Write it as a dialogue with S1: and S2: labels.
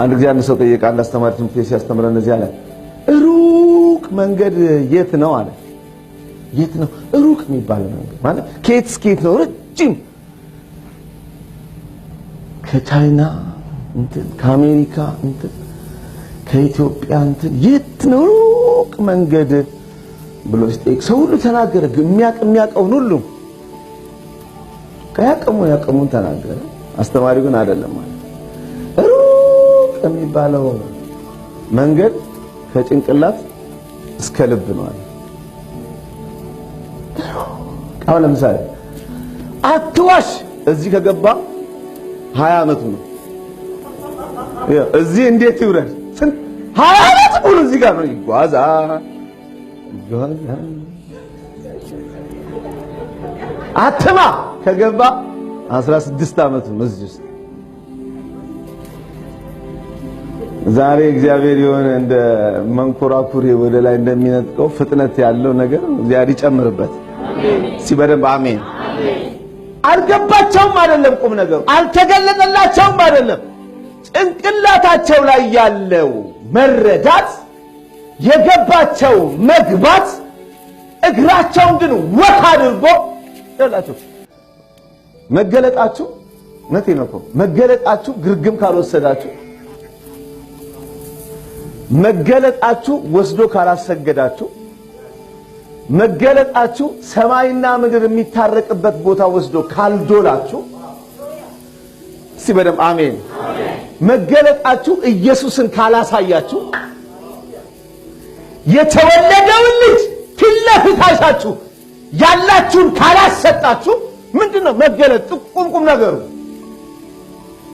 S1: አንድ ጊዜ አንድ ሰው ጠየቀ። አንድ አስተማሪ ትምህርት ሲያስተምረ እንደዚህ አለ፣ ሩቅ መንገድ የት ነው አለ። የት ነው ሩቅ የሚባል መንገድ ማለት ከየት እስከ ነው? ረጅም ከቻይና እንትን ከአሜሪካ እንትን ከኢትዮጵያ እንትን የት ነው ሩቅ መንገድ ብሎ ሲጠይቅ ሰው ሁሉ ተናገረ። የሚያቅ የሚያቀውን ሁሉ ከያቀሙ ያቀሙን ተናገረ። አስተማሪው ግን አይደለም ማለት የሚባለው መንገድ ከጭንቅላት እስከ ልብ ነው አለ። አሁን ለምሳሌ አትዋሽ እዚህ ከገባ ሀያ አመቱ ነው። እዚህ እንዴት ይውረድ? ሀያ አመት ሙሉ እዚህ ጋር ነው ይጓዛ ይጓዛ። አትማ ከገባ አስራ ስድስት አመቱ ነው እዚህ ውስጥ ዛሬ እግዚአብሔር የሆነ እንደ መንኮራኩሬ ወደ ላይ እንደሚነጥቀው ፍጥነት ያለው ነገር እግዚአብሔር ይጨምርበት። እስኪ አሜን። አልገባቸውም አይደለም፣ ቁም ነገሩ አልተገለጠላቸውም አይደለም። ጭንቅላታቸው ላይ ያለው መረዳት የገባቸው መግባት እግራቸውን ግን ወት አድርጎ ይላችሁ መገለጣችሁ ነቴ ነው እኮ መገለጣችሁ ግርግም ካልወሰዳችሁ መገለጣችሁ ወስዶ ካላሰገዳችሁ መገለጣችሁ ሰማይና ምድር የሚታረቅበት ቦታ ወስዶ ካልዶላችሁ፣ እስቲ በደምብ አሜን። መገለጣችሁ ኢየሱስን ካላሳያችሁ የተወለደውን ልጅ ፊት ለፊት አይታችሁ ያላችሁን ካላሰጣችሁ ምንድን ነው መገለጥ? ጥቁም ቁም ነገሩ